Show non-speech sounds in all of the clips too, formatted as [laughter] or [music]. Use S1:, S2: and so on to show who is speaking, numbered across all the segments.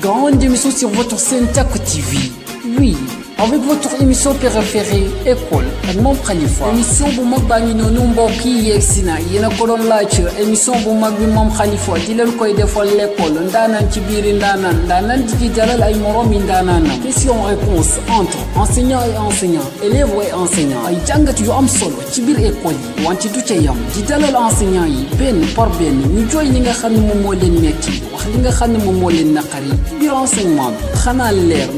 S1: Grande émission sur votre scène TACO TV. Oui, avec votre émission préférée école ak moom Khalifa émission bu mag baa ngi noonu mbokk yi yeeg si na yéen a ko doon laajte émission bu mag bi moom Khalifa di leen koy defal l'école ndaanaan ci biiri ndaanaan ndaanaan di ci dalal ay morom yi ndaanaanam question réponse entre enseignant et enseignant élève et enseignant ay jàngat yu am solo ci biir école yi wante du ca yam di dalal enseignant yi benn par benn ñu jooy li nga xam ne moom moo leen metti wax li nga xam ne moom moo leen naqari ci biir enseignement bi xanaa leer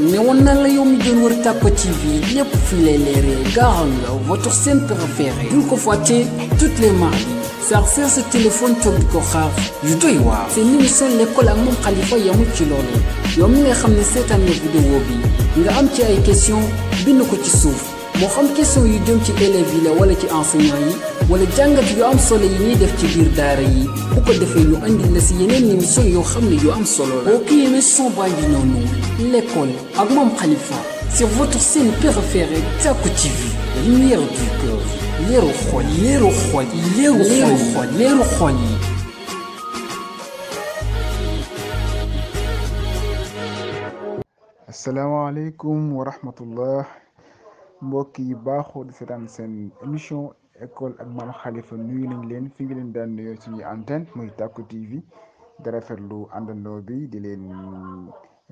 S1: Dak TV lépp fi lay leeree gaaral votre chaîne préférée duñ ko fàtte toutes les mardis saa seet sa téléphone toog di ko xaar yu doy waar seen émission l'école ak moom Khalifa yamul ci loolu yow mi nga xam ne seetaan nga vidéo bi nga am ci ay question bind ko ci suuf moo xam question yu jëm ci élèves yi la wala ci enseignant yi wala jàngat yu am solo yi ñuy def ci biir daara yi bu ko defee ñu andil la si yeneen émission yoo xam ne yu am solo la. kooku émission baa ak moom Khalifa. C'est votre scène préférée, Taco TV, la lumière du cœur. L'héros l'héros l'héros l'héros
S2: asalaamaaleykum wa rahmatullah mbokk yi baaxoo di seetaan seen émission école ak maam Khalifa nuyu nañ leen fi ngi leen daan nuyoo suñuy antenne muy Taco TV di rafetlu àndandoo bi di leen.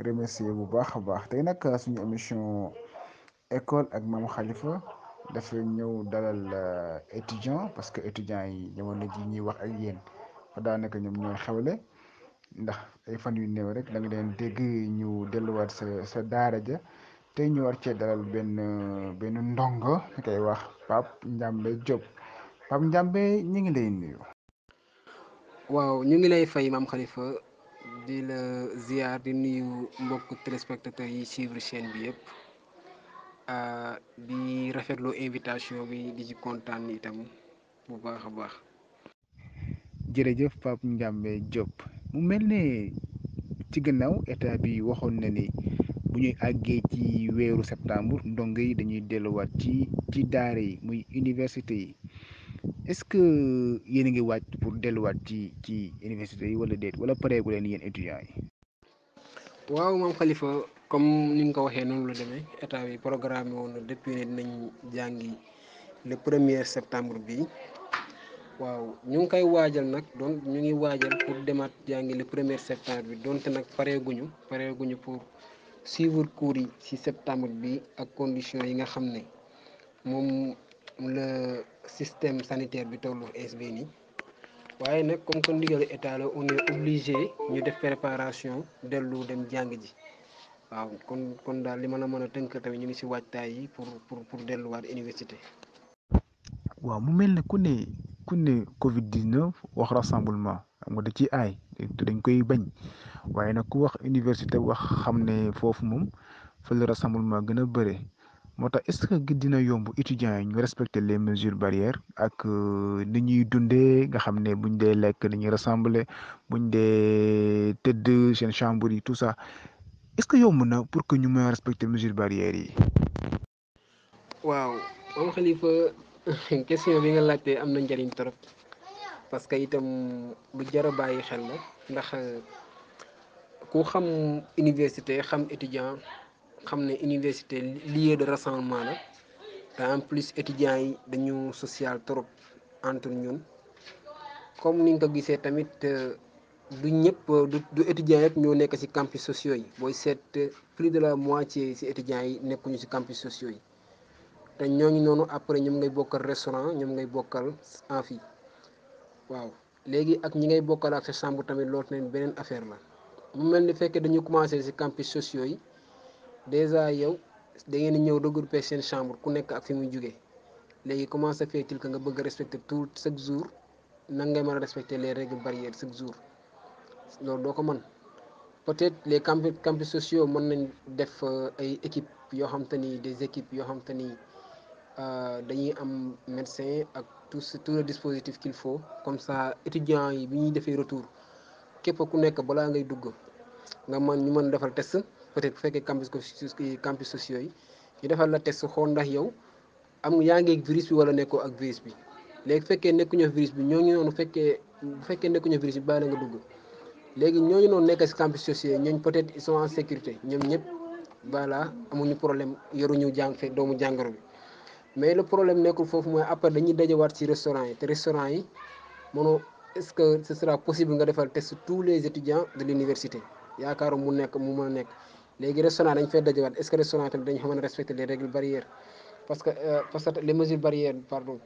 S2: remercier bu baax a baax tey nag euh, suñu émission école ak maam Khalifa dafa ñëw dalal euh, étudiant parce que étudiant yi jamono ji ñuy wax ak yéen fa daanaka ñoom ñooy xewle ndax ay fan yu néew rek da nga leen dégg ñu delluwaat sa sa daara ja te ñëwar cee dalal benn benn ndongo ñu koy wax Pape Ndiambé Diop Pape Ndiambé ñu ngi lay nuyu.
S3: waaw ñu ngi lay fay maam Khalifa. di la ziar di nuyu mbokku téléspectateurs yi suivre chaîne bi yëpp ah, di rafetlu invitation bi di ci kontaan itam bu baax baax.
S2: jërëjëf Pape Ndiambé Diop mu mel ne ci gannaaw état bi waxoon na ni bu ñuy àggee ci weeru septembre ndongo yi dañuy delluwaat ci ci daara yi muy université yi. est-ce que yéen a ngi waaj pour delluwaat ci ci université yi wala déet wala pareegu leen yéen étudiants yi.
S3: waaw moom Khalifa comme ni nga ko waxee noonu la demee état yi programme woon na depuis ne dinañ jàngi le première septembre bi waaw ñu ngi koy waajal nag donc ñu ngi waajal pour demaat jàngi le premier septembre bi donte nag pareeguñu pareeguñu pour suivre cours yi ci septembre bi ak conditions yi nga xam ne moom la. système sanitaire bi tollu es bi nii waaye nag comme que ndigalu état la on est ñu def préparation dellu dem jàng ji waaw kon kon daal li ma la mën a tënk ñu ngi si waajtaay yi pour pour pour delluwaat université.
S2: waa mu mel ne ku ne ku ne Covid 19 wax rassemblement xam nga da ciy aay dañ koy bañ waaye nag ku wax université wax xam ne foofu moom fa rassemblement gën a bëre. moo tax est-ce que dina yomb étudiants yi ñu respecter les mesures barrières ak euh, ni ñuy dundee nga xam ne buñ dee lekk ni ñuy rassembler buñ dee tëdd seen chambre yi tout ça est-ce que yomb na pour que ñu mën a respecter mesures barrières yi.
S3: waaw moom Khalifa [laughs] question bi nga laajtee am na njëriñ trop parce que itam lu jar a bàyyi xel la ndax ku xam université xam étudiant. xam ne université lieu de rassemblement la te en plus étudiants yi dañu social trop entre ñun comme ni nga ko gisee tamit euh, du ñëpp du étudiants yëpp ñoo nekk ci campus sociaux yi booy seet euh, plus de la moitié ci étudiants yi nekkuñu ci campus sociaux yi te ñoo ngi noonu après ñoom ngay bokkal restaurant ñoom ngay bokkal amphi waaw léegi ak ñi ngay bokkal ak sa chambre tamit loolu tamit beneen affaire la mu mel ni fekkee dañu commencé ci campus sociaux yi. dèjà yow da ngeen ñëw regrouper seen chambre ku nekk ak fi muy jugee léegi comment ça fait nga bëgg a tout chaque jours nan ngay mën a respecter les règles barrières chaque jours loolu doo ko man peut-être les campus campus sociaux mën nañ def euh, ay équipes yoo xam ni des équipes yoo xam te ni euh, dañuy am médecin ak tout tout le dispositif qu'il faut comme ça étudiants yi bi ñuy defee retour képp ku nekk balaa ngay dugg nga mën ñu mën defal test. peut-être bu fekkee campus campus sociaux yi ñu defal la test xool ndax yow am yaa ngi virus bi wala nekkoo ak virus bi léegi fekkee nekkuñu virus bi ñooñu noonu fekkee bu fekkee nekkuñu virus bi bàyyi nga dugg léegi ñooñu noonu nekk si campus sociaux yi ñooñu peut-être ils sont en sécurité ñoom ñëpp voilà amuñu problème yoruñu jàng doomu jàngaro bi mais le problème nekkul foofu mooy après dañuy dajawaat ci restaurant yi te restaurant yi mënoo est-ce que ce sera possible nga defal test tous les étudiants de l'université yaakaaru mu nekk mu mën nekk léegi restaurant dañ fay dajewaat est ce que restaurant les règles barrières parce que euh, parce que les mesures barrières pardon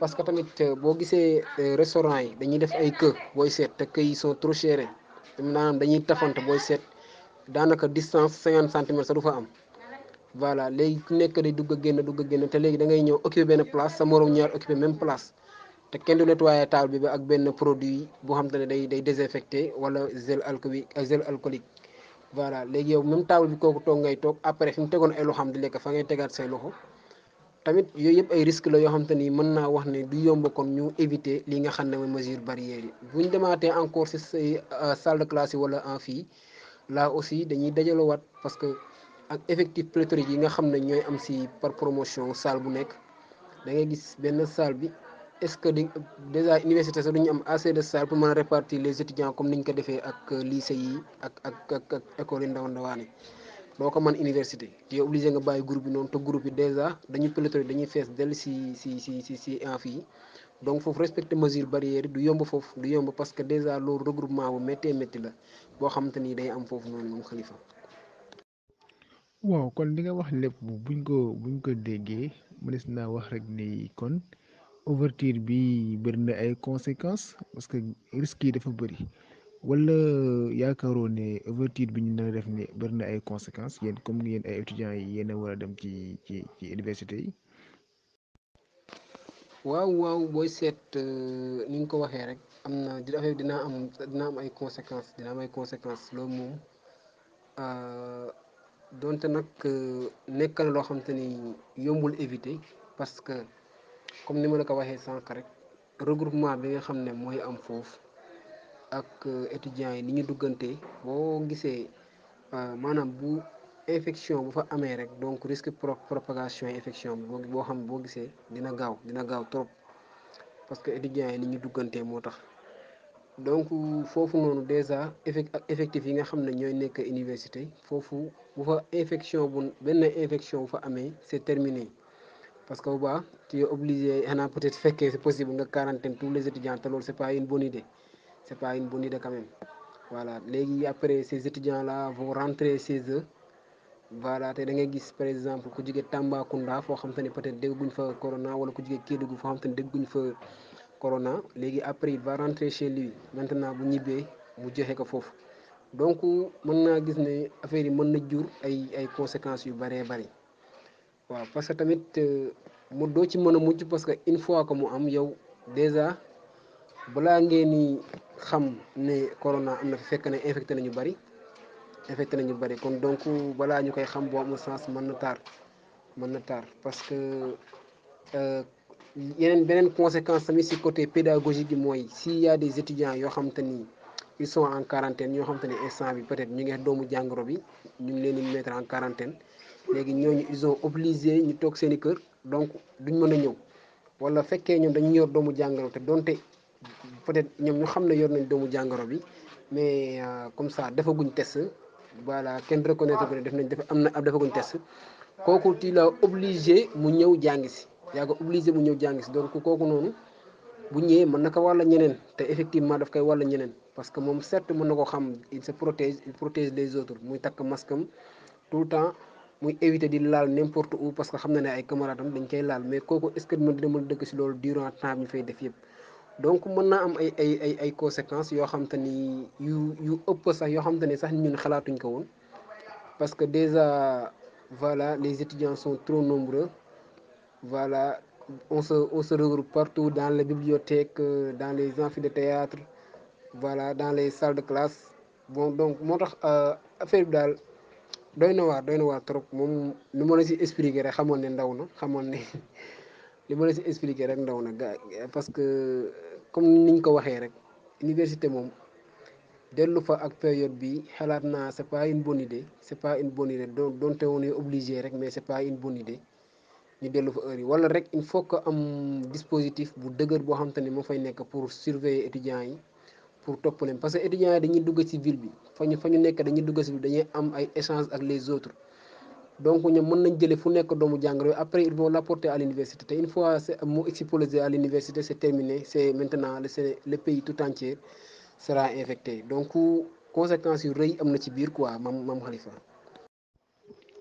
S3: parce que tamit euh, boo gisee euh, restaurant yi dañuy def ay queue booy seet te queue yi sont trop chères dañuy tafante booy seet daanaka distance cinquante centimètres sax du fa am voilà léegi ku nekk day dugg a génn dugg a génn te léegi da ngay ñëw occupé benn place sa morom ñaar occupé même place te kenn du nettoyé table bi ba ak benn produit boo xam te ne day day désinfecté wala gel alcoolique ak gel alcoolique voilà léegi yow moom table bi kooku toog ngay toog après fi mu tegoon ay loxoom di lekk fa ngay tegaat say loxo tamit yooyu yëpp ay risque la yoo xam ni mën naa wax ne du yomb kon ñu éviter li nga xam ne mooy mesure barrière yi bu ñu demaatee encore si say euh, salle de classe yi wala en fii la aussi dañuy dajalowaat parce que ak effectif pléthorique yi nga xam ne ñooy am si par promotion salle bu nekk da ngay gis benn salle bi est-ce que di déjà université sax du ñu am assez de pour mën a répartir les étudiants comme ni ko defee ak lycée yi ak ak ak ak école yi ndaw ndawaan doo ko mën université tu es nga bàyyi groupe bi noonu te groupe yi déjà dañuy pelotori dañuy fees dell si si si si en fii donc foofu respecter mesure barrière du yomb foofu du yomb parce que déjà loolu regroupement bu méttee métti la boo xamante ni day am foofu noonu moom xalifa
S2: waaw kon li nga wax lépp buñ ko buñ ko déggee mënees naa wax rek ni kon. ouverture bi bëri na ay conséquences parce que risques yi dafa bëri wala yaakaaroo ne ouverture bi ñu nar def nii bëri na ay conséquence yéen comme yéen ay étudiants yi yéen a war a dem ci ci ci université
S3: waaw waaw booy seet euh, ni nga ko waxee rek am na dina affaire dina am dina am ay conséquence dina am ay conséquences loolu moom euh, donte nag euh, nekk na loo xam ni yombul éviter parce que. comme ni ma la ko waxee sànq rek regroupement bi nga xam ne mooy am foofu ak euh, étudiants yi ni ñu duggantee boo gisee euh, maanaam bu infection bu fa amee rek donc risque propagation infection bi boo xam boo gisee dina gaaw dina gaaw trop parce que étudiants yi ni duggantee moo tax donc foofu noonu déjà effectif yi nga xam ne ñooy nekk université foofu bu fa infection bu benn infection bu fa amee c'est terminé parce que bu baax tu es obligé xanaa peut-être fekkee c'est possible nga quarantaine tous les étudiants te loolu c'est pas une bonne idée c'est pas une bonne idée quand même voilà léegi après ces étudiants là vont rentrer chez eux voilà te da ngay gis par exemple ku jigée Tambacounda foo xam te ne peut-être dégguñ fa corona wala ku jóge Kédougou foo xam te ne dégguñ fa corona léegi après il va rentrer chez lui maintenant bu ñibbee mu joxe ko foofu donc mën naa gis ne affaire yi mën na jur ay ay conséquences yu bëree bëri. waaw parce que tamit euh, mu doo ci mën a mujj parce que une fois que mu am yow dèjà balaa ngeen ni xam ne corona am na fekk ne infecté nañu bari infecté nañu bari kon donc balaa ñu koy xam boo amul sens mën na taar mën na taar parce que euh, yeneen beneen conséquence tamit si côté pédagogique bi mooy s'il y a des étudiants yoo xam te ni ils sont en quarantaine ñoo xam te bi peut-être ñu ngi doomu jàngoro bi ñu ngi leen di mettre en quarantaine léegi ñooñu ils ont obligé ñu toog seen i kër donc duñ mën a ñëw wala fekkee ñoom dañu yor doomu jàngoro te donte peut-être ñoom ñu xam ne yor nañ doomu jàngoro bi mais euh, comme ça defaguñ test voilà kenn reconnaître ko ne def nañ def am na defaguñ test kooku tu la obligé mu ñëw jàng si yaa ko mu ñëw jàng si donc kooku noonu bu ñëwee mën na ka wàll ñeneen te effectivement daf koy wàll ñeneen parce que moom certes mën na ko xam il se protège il protège les autres muy takk maskam tout le temps. muy éviter di laal n'importe où parce que xam na ne ay camarades am dañ koy laal mais kooku est ce que mën demal dëkk si loolu durant temps bi fay def yëpp donc mën naa am ay ay ay ay conséquences yoo xam te ni yu yu ëpp sax yoo xam te ni sax ñun xalaatuñ ko woon parce que déjà voilà les étudiants sont trop nombreux voilà on se on se regroupe partout dans les bibliothèques euh, dans les amphithéâtres voilà dans les salles de classe bon donc moo tax euh, affaire bi daal. doy na waar doy na waar trop moom lu ma la si expliquer rek xamoon ne ndaw na xamoon ne [laughs] li ma la si expliquer rek ndaw na ga parce que comme ni ñu ko waxee rek université moom dellu fa ak période bi xalaat naa c'est pas une bonne idée c'est pas une bonne idée donc donte woon obligé rek mais c'est pas une bonne idée ñu dellu fa heure yi wala rek il faut que am dispositif bu dëgër boo xam te ne fay nekk pour surveiller étudiants yi pour topp leen parce que étudiants yi dañuy dugg ci ville bi fa ñu fa ñu nekk dañuy dugg ci ville dañuy am ay échange ak les autres donc ñu mën nañ jëlee fu nekk doomu jàngoro après ils vont l'apporter à l'université te une fois mu explosé à l'université c'est terminé c'est maintenant le le pays tout entier sera infecté donc conséquences yu rëy am na ci biir quoi mam mam Khalifa.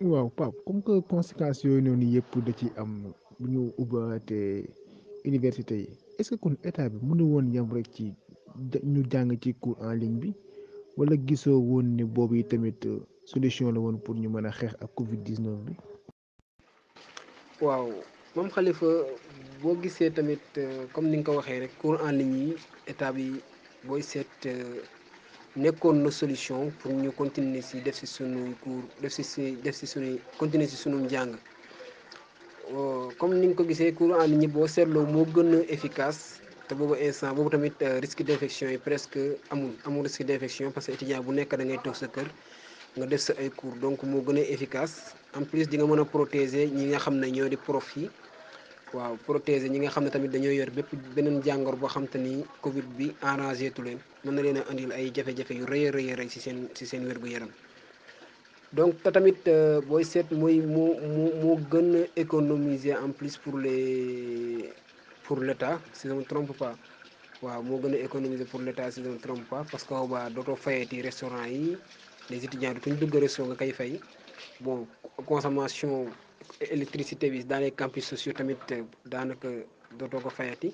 S2: waaw Pape comme que conséquence yooyu noonu yëpp da ci am ñu ubbaatee université yi ñu jàng ci cours en ligne bi wala gisoo woon ne boobu yi tamit euh, solution la woon pour ñu mën a xeex ak Covid 19 bi.
S3: waaw moom Khalifa boo gisee tamit euh, comme ni nga ko waxee rek cours en ligne yi état bi booy seet euh, nekkoon na solution pour ñu continuer si def si sunuy cours def si sunuy continuer si sunu njàng. comme ni nga ko gisee cours en ligne boo seetloo moo gën a te boobu instant boobu tamit euh, risque d' infection yi presque amul amul risque d' parce que étudiant bu nekk da ngay toog sa kër nga def sa ay cours donc moo gën a efficace en plus di nga mën a protéger ñi nga xam ne ñoo di prof yi waaw protéger ñi nga xam ne tamit dañoo yor bépp beneen jàngor boo xam ni Covid bi arrangé tu leen mën na leen a ay jafe yu rëy rëy rëy si seen si seen wér yaram donc te tamit euh, booy seet mooy moo en plus pour les. pour l'État si je me trompe pas waaw moo gën a économiser pour l'État si je me trompe pas parce que boobaa dootoo fayati restaurant yi les étudiants dootuñu dugg restaurant nga kay fay bon consommation électricité bi dans les campus sociaux tamit daanaka dootoo ko fayati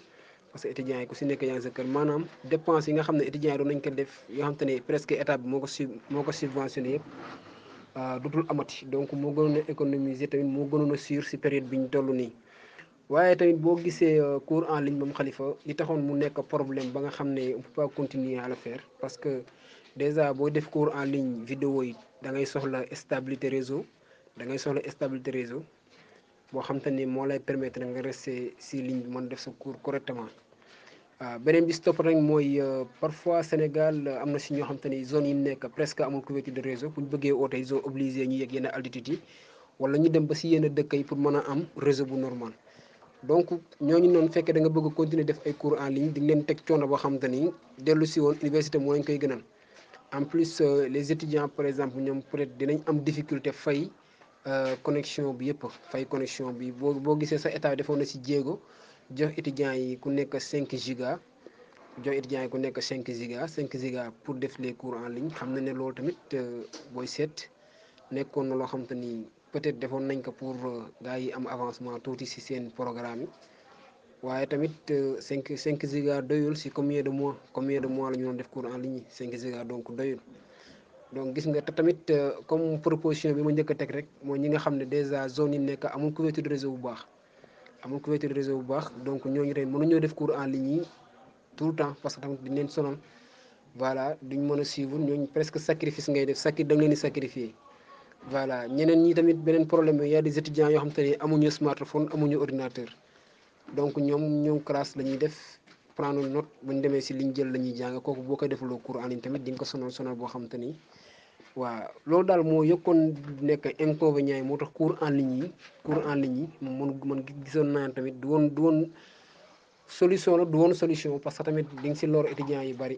S3: parce que étudiants yi ku si nekk yaa ngi sa maanaam dépense yi nga xam ne étudiants yi doon ko def yoo xam te ne presque état bi moo moo ko subventionné yëpp ah, dootul amati donc moo gënoon a économiser tamit moo gënoon a sur si période bi ñu toll nii waaye tamit boo gisee euh, cours en ligne moom xalifa li taxoon mu nekk problème ba nga xam ne on pas continuer à le faire parce que déjà boo def cours en ligne vidéo yi da ngay soxla stabilité réseau da ngay soxla stabilité réseau boo xam te ni moo lay permettre nga rester si ligne bi def sa cours correctement waaw euh, beneen bi si topp rek mooy euh, parfois Sénégal am na si ñoo xam te ni zone yi nekk presque amul couverture de réseau bu ñu bëggee oote ils sont ñu yegg yenn altitude yi wala ñu dem ba si yenn dëkk yi pour mën a am réseau bu normal donc ñooñu noonu fekkee danga bëgg a continuer def ay cours en ligne di leen teg coono boo xamante ni dellu si woon université moo lañ koy gënal en plus euh, les étudiants par exemple ñoom peut-être dinañ am difficulté fay euh, connexion bi yëpp fay connection bi boo boo gisee sa état defoon na si jéego jox étudiants yi ku nekk cinq giga jox étudiants yi ku nekk cinq giga cinq giga pour def les cours en ligne xam na ne loolu tamit euh, booy seet nekkoon na loo xamante ni. peut-être defoon nañ ko pour euh, gars yi am avancement tuuti si seen programme waaye tamit euh, cinq cinq giga doyul si combien de mois combien de mois la ñu doon def cours en ligne cinq giga donc doyul donc nga te tamit euh, comme proposition bi ma njëkk teg rek mooy ñi nga xam ne déjà zone yi nekk amul couverture de réseau bu baax amul couverture de bu baax donc ñooñu ren mënuñoo def cours en ligne yi tout le temps parce que tamit dañ leen sonal voilà duñ mën a suivre ñooñu presque sacrifice ngay def sacri da nga leen voilà ñeneen ñi tamit beneen problème bi y a des étudiants yoo xam te ne amuñu smartphone amuñu ordinateur donc ñoom ñëw classe la ñuy def prendre note bu ñu demee si liñ jël la jànga kooku boo koy defaloo cours en ligne tamit di nga ko sonal sonal boo xam te waaw loolu daal moo yokkoon nekk inconvénient yi moo tax cours en ligne yi cours en ligne yi man man gisoon naa tamit du woon du solution la du woon solution parce que tamit di nga si lor étudiants yi bari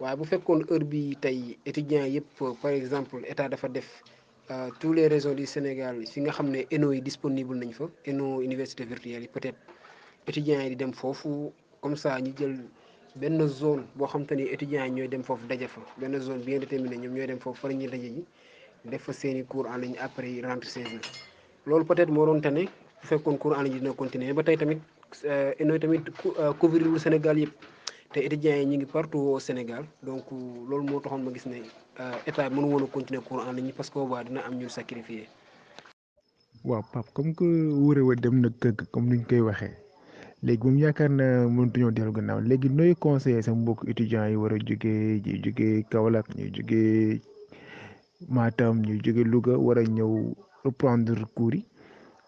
S3: waaye bu fekkoon heure bi tey étudiants yëpp par exemple état dafa def. Euh, tous les régions du Sénégal fi nga xam ne ENO yi disponible nañ fa ENO université virtuelle yi peut-être étudiants yi di dem foofu comme ça ñu jël benn zone boo xam te ni étudiants yi ñooy dem foofu daje fa benn zone bien déterminée ñoom ñooy dem foofu fa la ñuy daje ji def fa seeni i cours en ligne après yi rentre seize heures loolu peut-être moo doon tane fekkoon cours en ligne dina continuer ba tey tamit ENO euh, yi tamit euh, couvrir lu Sénégal yëpp. te étudiants yi ñu ngi partout au Sénégal donc loolu moo taxoon ma gis ne euh, état mënu woon a continuer cours en ligne parce que boobaa dina am ñun sacrifié.
S2: waaw Pape comme que waree wa dem na kër comme ni ñu koy waxee léegi moom yaakaar na mënatuñoo delu gannaaw léegi nooy conseillé sa mbokk étudiants yi war a jógee ñuy jógee Kaolack ñuy jógee Matam ñuy jógee Louga war a ñëw reprendre cours yi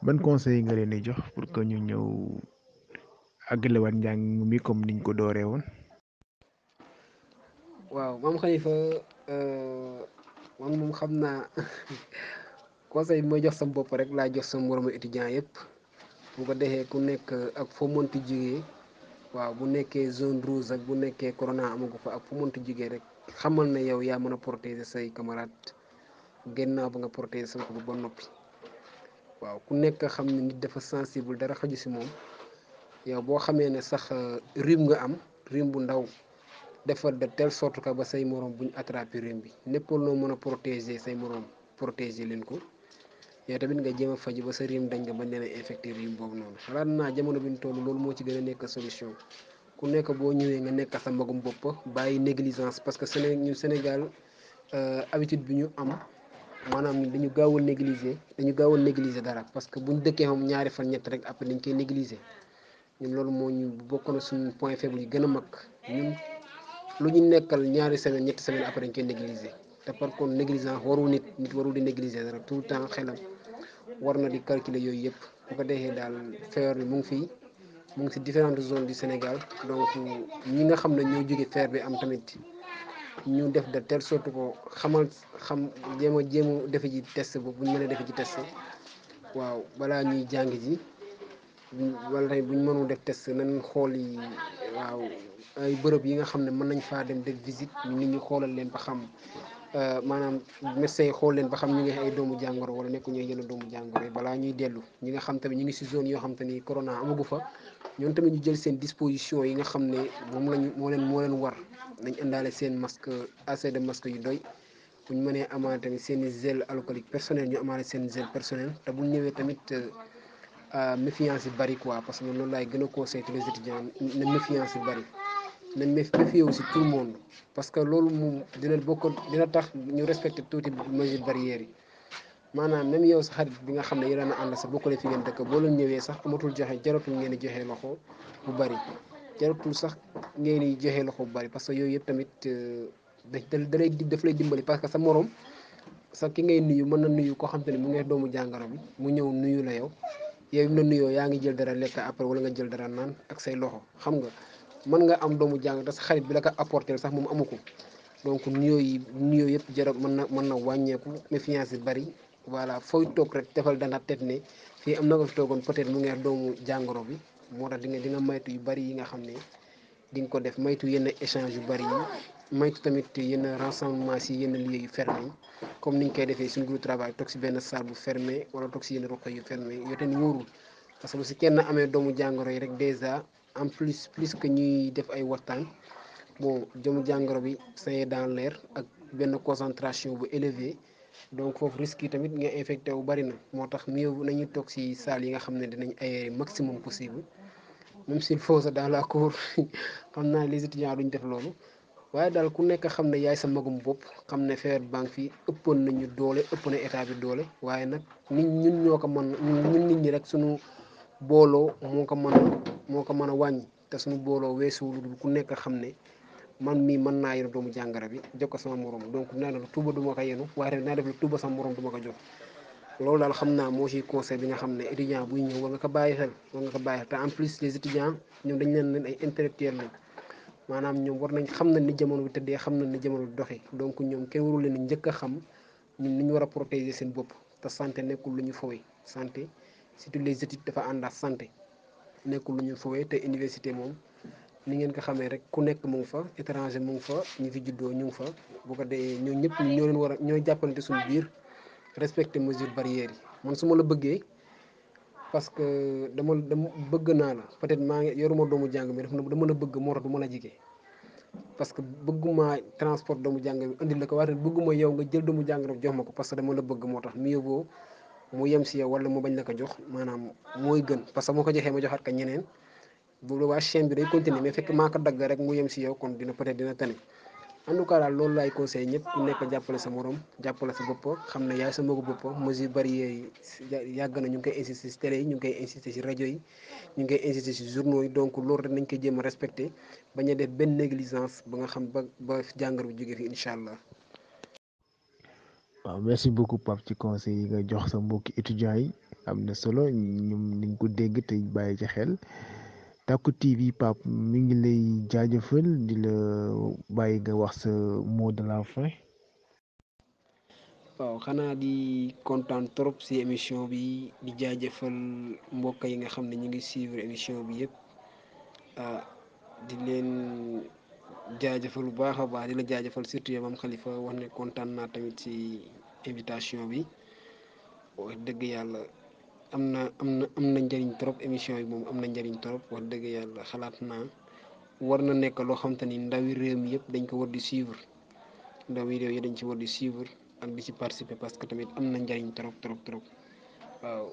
S2: ban conseil nga leen di jox pour que ñu ñëw. ak àggalewaat njàng mi comme niñ ko dooree woon.
S3: waaw maam Khalifa fa euh, moom xam naa [laughs] conseil bi ma jox sam bopp rek laa jox sam moromu étudiant yëpp bu ko defee ku nekk ak foo mënti jugee waaw bu nekkee zone rouge ak bu nekkee corona amagu fa ak foo mënti jugee rek xamal na yow yaa mën a protéger say camarades génnaaw ba nga protéger sa bopp ba noppi waaw ku nekk xam ne nit dafa sensible dara xaju si moom. yow boo xamee ne sax euh, rime nga am rime bu ndaw defar de tele sort que ba say morom bu ñu attrapé rime bi néppal noo mën a protéger say morom protéger leen ko yow tamit nga jëm a faj ba sa rime dañ nga bañ ne a infecté rime boobu noonu xalaat naa jamono bi ñu toll loolu moo ci gën a nekk solution ku nekk boo ñëwee nga nekk sa magum bopp bàyyi néglisance parce que Séné ñu Sénégal euh, habitude bi ñu am maanaam dañu gaaw a dañu gaaw a négliger dara parce que buñ dëkkee moom fan ñett rek après dañ koy négliger. ñun loolu moo ñu bokk na suñu point faible yi gën a mag ñun lu ñu nekkal ñaari semaine ñetti semaine après dañ koy négliger te par contre négligence warul nit nit warul di négliger dara tout le temps xelam war na di calculer yooyu yëpp ko defee daal feebar bi mu ngi fii mu ngi si différentes zones du Sénégal donc ñi nga xam ne ñoo jóge feebar bi am tamit ñu def de telle sorte ko xamal xam jéem a jéem defe ji test boobu bu ñu mënee defe ji test waaw balaa ñuy jàng ji. wala bu ñu mënul def test nañ xool yi waaw ay bërëb yi nga xam ne mën nañ faa dem def visite nit ñi xoolal leen ba xam euh, maanaam médecin yi xool leen ba xam ñu ngi ay doomu jàngoro wala nekk ñu yenn doomu jàngoro balaa ñuy dellu ñi nga xam tamit ñu ngi si zone yoo xam ni corona amagu fa ñoom tamit ñu jël seen disposition yi nga xam ne moom lañ moo leen moo leen war nañ indaale seen masque assez de masque yu doy buñ mënee amaale tamit seen i gel alcoolique personnel ñu amaale seen gel personnel te buñ ñëwee tamit euh, Euh, méfiance yi bari quoi parce que man loolu laay gën a conseillé tous les étudiants na méfiance yi bari nañ méfier aussi tout le monde parce que loolu moom dina bokk dina tax ñu respecté tuuti mesures barrières yi maanaam même yow sa xarit bi nga xam ne yéen a ànd sa bokkale fi ngeen dëkk boo leen ñëwee sax amatul joxe jaratul ngeen di joxe loxo bu bari jaratul sax ngeen di joxe loxo bu bari parce que yooyu yëpp tamit euh, da da lay daf lay dimbali parce que sa morom sa ki ngay nuyu mën na nuyu koo xam te ne mu ngi doomu jàngoro bi mu ñëw nuyu la yow. yow na nuyoo yaa ngi jël dara lekk après wala nga jël dara naan ak say loxo xam nga mën nga am doomu jàng te xarit bi la ko apporter sax moom amu ko donc nuyoo yi nuyoo yëpp jara mën na mën na wàññeeku méfiance yi bari voilà fooy toog rek defal dana tet ne fi am na ko fi toogoon peut mu ngeex doomu jàngoro bi moo tax di nga maytu yu bari yi nga xam ne di nga ko def maytu yenn échange yu bari yi maytu tamit yenn rassemblement si yenn lieux yu fermé yi comme niñ koy defee suñ groupe travail toog si benn salle bu fermé wala toog si yenn ruq yu fermé yoo tamit wóorul parce que bu si kenn amee doomu jàngoro yi rek dèjà en plus plus que ñuy def ay waxtaan bon jëmu jàngoro bi c'est dans l'air ak benn concentration bu élevée donc foofu risque yi tamit nga infecté wu bari na moo tax mieux nañu toog si salle yi nga xam ne dinañ aéré maximum possible même s'il faut ça dans la cour [laughs] xam naa les étudiants duñ def loolu. waaye daal ku nekk xam ne yaay sa magum bopp xam ne Fairbank fii ëppoon nañu doole ëpp na état bi doole waaye nag nit ñun ñoo ko mën ñun nit ñi rek suñu booloo moo ko mën a moo ko mën a wàññi te suñu booloo weesuwul ku nekk xam ne man mii mën naa yenu doomu jàngara bi jox ko sama morom donc dinaa def lu tuuba duma ko yenu waaye tamit dinaa def lu tuuba sama morom duma ko jox loolu daal xam naa moo ci conseil bi nga xam ne étudiant buy ñëw war nga ko bàyyi xel war nga ko bàyyi xel te en plus les ñoom dañ leen leen ay intellectuels maanaam ñoom war nañ xam nañ ni jamono bi tëddee xam nañ ni jamono bi doxee donc ñoom kenn warul leen njëkk a xam ñun ni ñu war a protéger seen bopp te sante nekkul lu ñu fowee santé surtout les études dafa ànd ak santé nekkul lu ñu fowee te université moom ni ngeen ko xamee rek ku nekk mu ngi fa étranger mu ngi fa ñu fi juddoo ñu ngi fa bu ko dee ñoo ñëpp ñoo leen war a ñoo jàppante suñu biir respecter mesures barrières yi man su ma la bëggee. parce que dama dama bëgg naa la peut-être maa ngi yoruma doomu jàng mi daf na dama la bëgg moo tax du ma la jege parce que bëgguma transport doomu jàng bi indi la ko waaye bëgguma yow nga jël doomu jàng rek ma ko parce que dama la bëgg moo tax mieux vaut mu yem si yow wala mu bañ la ko jox maanaam mooy gën parce que moo ko joxee ma joxaat ko ñeneen bu boobaa chaîne bi day continuer mais maa ko dagg rek mu yem si yow kon dina peut dina tane en tout cas daal loolu laay conseillé ñëpp ku nekk jàppale sa morom jàppale sa bopp xam ne yaay sa magu bopp mesures barrières yi yàgg na ñu ngi koy insister si télé yi ñu ngi koy insister si rajo yi ñu ngi koy insister si journaux yi donc loolu de nañ koy jéem a respecté bañ a def benn néglisance ba nga xam ba ba jàngar bu jógee fi incha allah.
S2: waaw merci beaucoup Pape ci conseil yi nga jox sa mbokki étudiants yi am na solo ñoom ni nga ko dégg te bàyyi ci xel. Tacko TV Pape mu ngi lay jaajëfal di la bàyyi nga wax sa mot la fin.
S3: waaw xanaa di kontaan trop si émission bi di jaajëfal mbokk yi nga xam ne ñu ngi suivre émission bi yëpp ah, di leen jaajëfal bu baax a baax di la jaajëfal surtout yow Mame Khalifa wax ne kontaan naa tamit si invitation bi wax dëgg yàlla. am na am na am na njëriñ trop émission yi moom am na njariñ trop wax dëgg yàlla xalaat na war na nekk loo xam ni ndawi réew mi yëpp dañ ko war di suivre ndawi réew yi dañ ci war di suivre ak di ci participer parce que tamit am na njariñ trop trop trop waaw.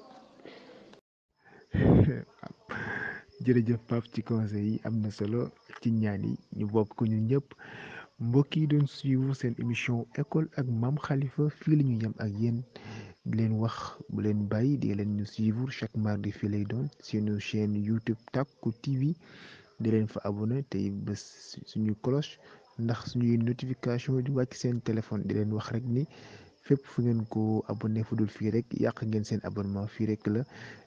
S2: [laughs] jërëjëf Pape ci conseil yi am na solo ci ñaan yi ñu bokk ko ñun ñëpp mbokk yi doon suivre seen émission école ak maam xalifa fii la ñu yem ak yéen. leen wax bu leen bàyyi di leen ñu suivre chaque mardi fii lay doon suñu chaîne YouTube Tacko TV di leen fa abonné tey bés suñu cloche ndax suñuy notification di wàcc seen téléphone di leen wax rek ni fépp fu ngeen ko abonné fu dul fii rek yàq ngeen seen abonnement fii rek la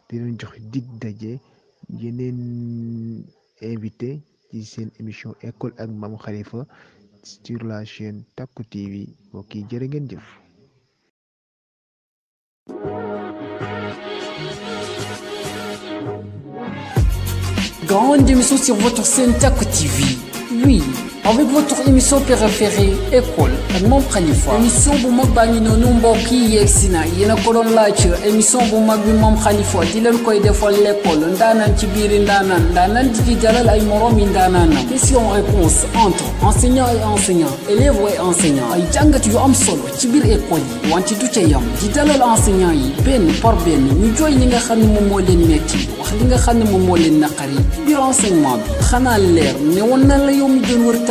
S2: di leen jox dig daje yeneen invité ci seen émission école ak Mame xalifa sur la chaîne Tacko TV mbokk yi jërë ngeen jëf.
S1: grande émission sur votre Sainte TV. Oui. avec votre émission préférée école ak moom Khalifa émission bu mag baa ngi noonu mbokk yi yeeg si na yéen a ko doon laaj émission bu mag bi moom Khalifa di leen koy defal l'école ndaanaan ci biiri ndaanaan ndaanaan di dalal ay morom yi ndaanaanam question réponse entre enseignant et enseignant élève et enseignant ay jàngat yu am solo ci biir école yi wante du ca yam di dalal enseignant yi benn par benn ñu jooy li nga xam moom leen metti wax li nga xam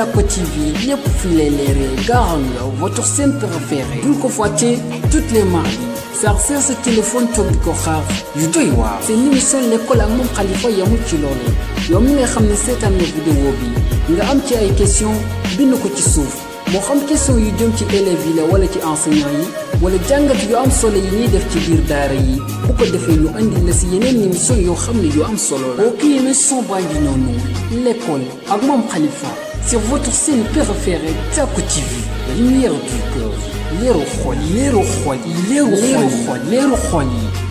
S1: Equivoco TV ñëpp fii lay leeree gaaxoon la votre chaîne préférée bu ñu ko fàttee toutes les mardis saa seet sa téléphone toog di ko xaar yu doy waar seen émission l'école ak moom Khalifa yamul ci loolu yow mi nga xam ne seetaan na vidéo bi nga am ci ay question bind ko ci suuf moo xam question yu jëm ci élèves yi la wala ci enseignant yi wala jàngat yu am solo yi ñuy def ci biir daara yi bu ko defee ñu andi la si yeneen émission yoo xam ne yu am solo la. boo kii émission baa ngi ak moom Khalifa. sur votre scène préférée, Taco TV, la lumière du cœur, l'héroïne, l'héroïne, l'héroïne, l'héroïne.